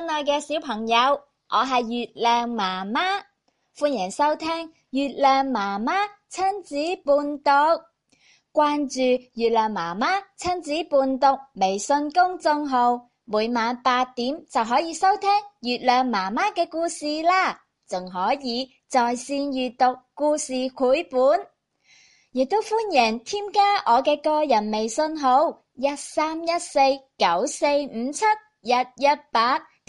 親愛嘅小朋友，我係月亮媽媽，歡迎收聽月亮媽媽親子伴讀。關注月亮媽媽親子伴讀微信公眾號，每晚八點就可以收聽月亮媽媽嘅故事啦，仲可以在線閱讀故事繪本，亦都歡迎添加我嘅個人微信號一三一四九四五七一一八。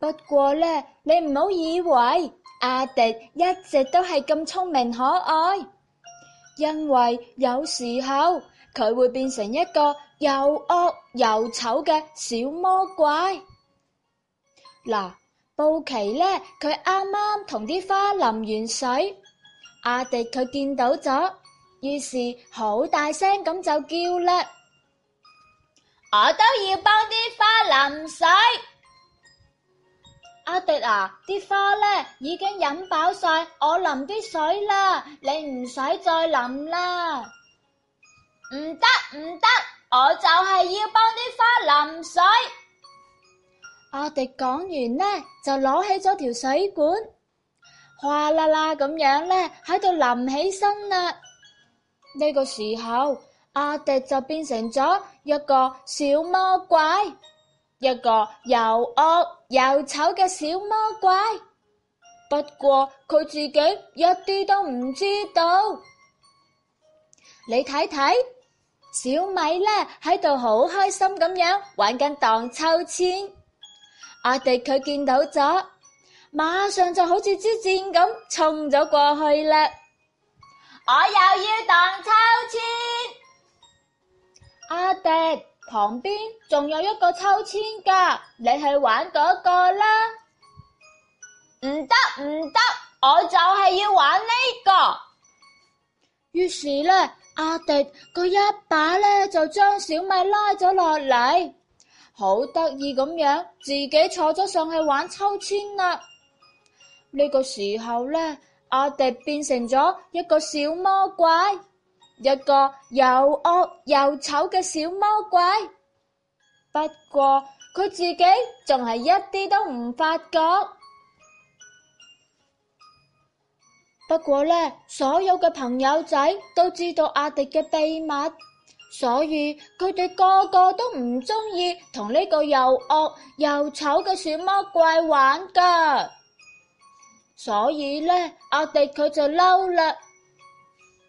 不過呢，你唔好以為阿迪一直都係咁聰明可愛，因為有時候佢會變成一個又惡又醜嘅小魔鬼。嗱，布奇呢，佢啱啱同啲花淋完水，阿迪佢見到咗，於是好大聲咁就叫啦：我都要幫啲花淋水。阿迪啊，啲花咧已經飲飽晒，我淋啲水啦，你唔使再淋啦。唔得唔得，我就係要幫啲花淋水。阿迪講完呢，就攞起咗條水管，嘩啦啦咁樣咧喺度淋起身啦。呢個時候，阿迪就變成咗一個小魔鬼。一個又惡又醜嘅小魔怪，不過佢自己一啲都唔知道。你睇睇小米呢喺度好開心咁樣玩緊蕩秋千，阿迪佢見到咗，馬上就好似支箭咁衝咗過去啦！我又要蕩秋千，阿迪。旁邊仲有一個秋千噶，你去玩嗰個啦。唔得唔得，我就係要玩呢個。於是呢，阿迪佢一把呢，就將小米拉咗落嚟，好得意咁樣自己坐咗上去玩秋千啦。呢個時候呢，阿迪變成咗一個小魔鬼。一個又惡又醜嘅小魔鬼，不過佢自己仲係一啲都唔發覺。不過呢，所有嘅朋友仔都知道阿迪嘅秘密，所以佢哋個個都唔中意同呢個又惡又醜嘅小魔鬼玩㗎。所以呢，阿迪佢就嬲啦，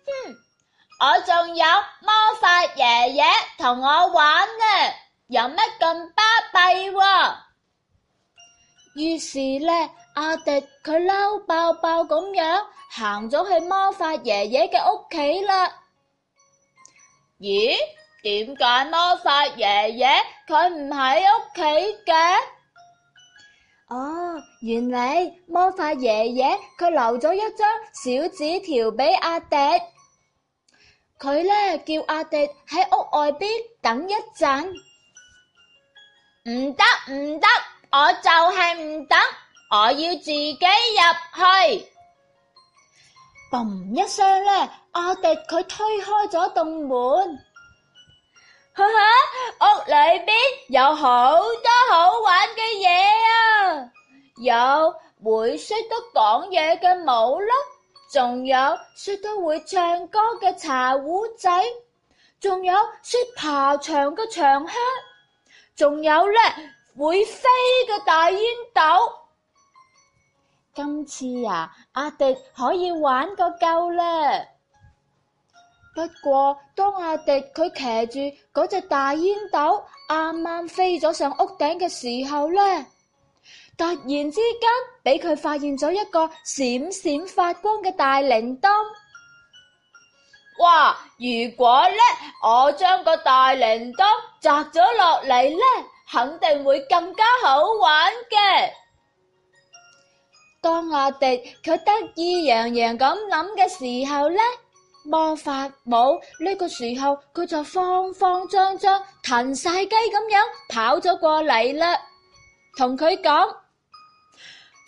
哼、嗯！我仲有魔法爺爺同我玩呢，有乜咁巴閉？於是呢，阿迪佢嬲爆爆咁樣行咗去魔法爺爺嘅屋企啦。咦？點解魔法爺爺佢唔喺屋企嘅？哦，原來魔法爺爺佢留咗一張小紙條俾阿迪。佢咧叫阿迪喺屋外邊等一陣。唔得唔得，我就係唔等，我要自己入去。嘣一聲咧，阿迪佢推開咗棟門，哈哈，屋裏邊有好多好玩嘅嘢啊，有會識得講嘢嘅貓啦。仲有說到會唱歌嘅茶壺仔，仲有說爬牆嘅長靴，仲有咧會飛嘅大煙斗。今次呀、啊，阿迪可以玩個夠咧。不過當阿迪佢騎住嗰隻大煙斗，啱啱飛咗上屋頂嘅時候咧。突然之間俾佢發現咗一個閃閃發光嘅大鈴鐺，哇！如果咧我將個大鈴鐺摘咗落嚟咧，肯定會更加好玩嘅。當阿迪佢得意洋洋咁諗嘅時候咧，魔法帽呢個時候佢就慌慌張張、騰晒雞咁樣跑咗過嚟啦，同佢講。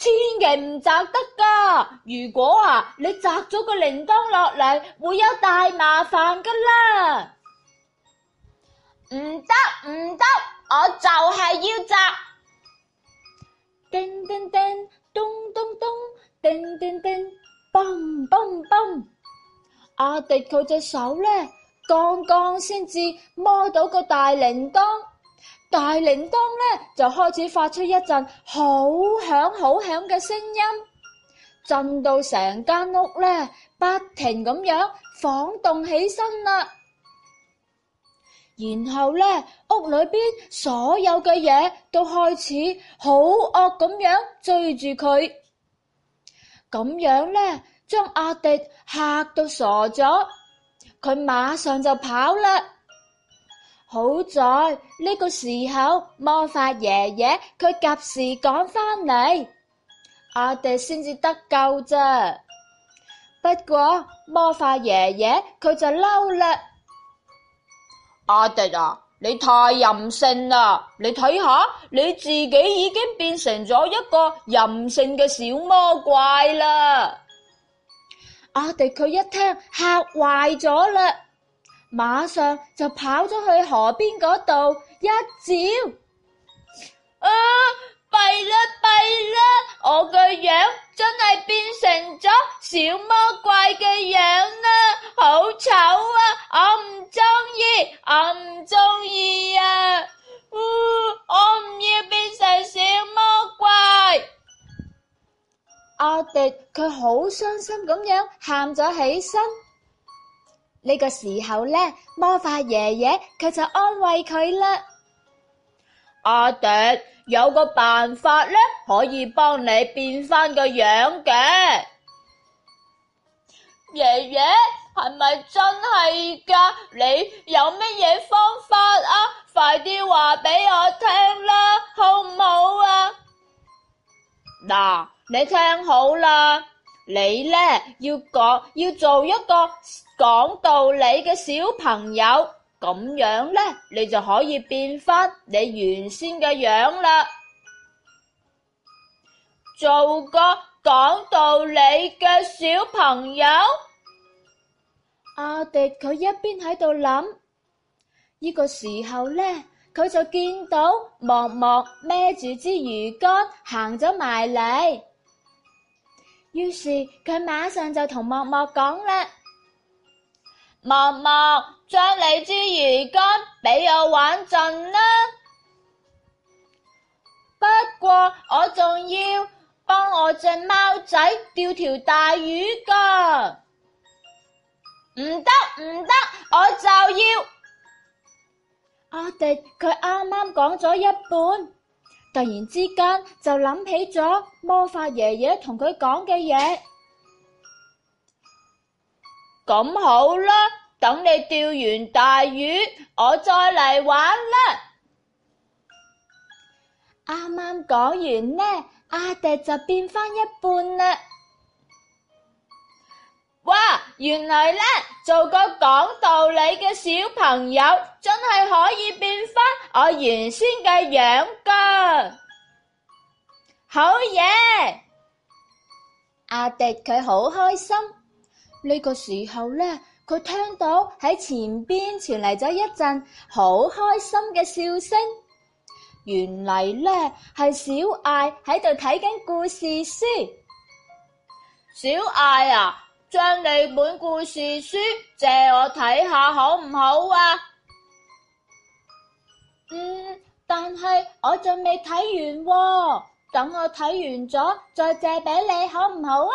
千祈唔摘得噶！如果啊，你摘咗個鈴鐺落嚟，會有大麻煩噶啦！唔得唔得，我就係要摘。叮叮叮，咚咚咚，叮叮叮，嘣嘣嘣！阿迪佢隻手咧，剛剛先至摸到個大鈴鐺。大鈴鐺咧就開始發出一陣好響好響嘅聲音，震到成間屋咧不停咁樣晃動起身啦。然後咧屋裏邊所有嘅嘢都開始好惡咁樣追住佢，咁樣咧將阿迪嚇到傻咗，佢馬上就跑啦。好在呢個時候魔法爺爺佢及時趕返嚟，阿迪先至得救咋。不過魔法爺爺佢就嬲啦，阿迪啊，你太任性啦！你睇下你自己已經變成咗一個任性嘅小魔怪啦。阿迪佢一聽，嚇壞咗啦。馬上就跑咗去河邊嗰度一照，啊，弊啦弊啦！我個樣真係變成咗小魔怪嘅樣啦，好醜啊！我唔中意，我唔中意啊！嗚、呃，我唔要變成小魔怪。阿迪佢好傷心咁樣喊咗起身。呢個時候咧，魔法爺爺佢就安慰佢啦。阿迪，有個辦法咧，可以幫你變翻個樣嘅。爺爺，係咪真係㗎？你有乜嘢方法啊？快啲話俾我聽啦，好唔好啊？嗱，你聽好啦，你咧要講要做一個。講道理嘅小朋友，咁樣呢，你就可以變翻你原先嘅樣啦。做個講道理嘅小朋友，阿迪佢一邊喺度諗，呢個時候呢，佢就見到默默孭住支魚竿行咗埋嚟，於是佢馬上就同默默講啦。默默將你支魚竿俾我玩陣啦，不過我仲要幫我隻貓仔釣條大魚噶。唔得唔得，我就要阿迪。佢啱啱講咗一半，突然之間就諗起咗魔法爺爺同佢講嘅嘢。咁好啦，等你釣完大魚，我再嚟玩啦。啱啱講完呢，阿迪就變翻一半啦。哇，原來呢，做個講道理嘅小朋友真係可以變翻我原先嘅樣噶，好嘢！阿迪佢好開心。呢個時候呢，佢聽到喺前邊傳嚟咗一陣好開心嘅笑聲。原來呢係小艾喺度睇緊故事書。小艾啊，將你本故事書借我睇下好唔好啊？嗯，但係我仲未睇完喎、哦。等我睇完咗再借俾你好唔好啊？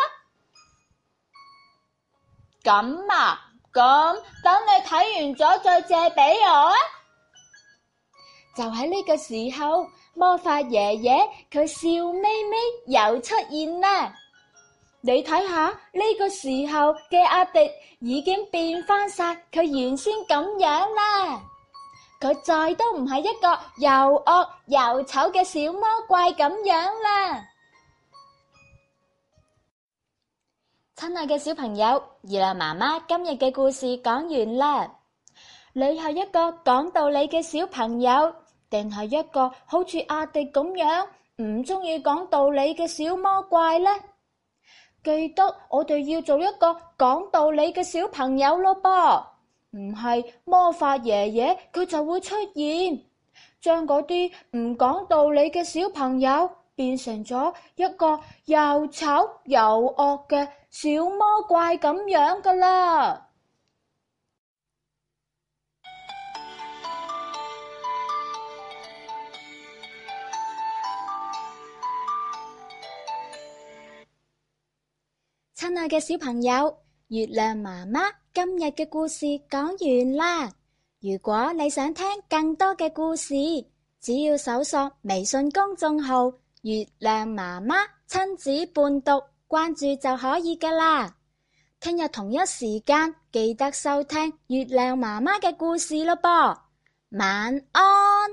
咁啊，咁等你睇完咗再借俾我啊！就喺呢個時候，魔法爺爺佢笑眯眯又出現啦。你睇下呢個時候嘅阿迪已經變翻晒佢原先咁樣啦。佢再都唔係一個又惡又醜嘅小魔怪咁樣啦。親愛嘅小朋友，月亮媽媽今日嘅故事講完啦。你係一個講道理嘅小朋友，定係一個好似阿迪咁樣唔中意講道理嘅小魔怪呢？記得我哋要做一個講道理嘅小朋友咯，噃，唔係魔法爺爺佢就會出現，將嗰啲唔講道理嘅小朋友。變成咗一個又醜又惡嘅小魔怪咁樣㗎喇！親愛嘅小朋友，月亮媽媽今日嘅故事講完啦。如果你想聽更多嘅故事，只要搜索微信公眾號。月亮媽媽親子伴讀，關注就可以噶啦。聽日同一時間記得收聽月亮媽媽嘅故事咯噃。晚安。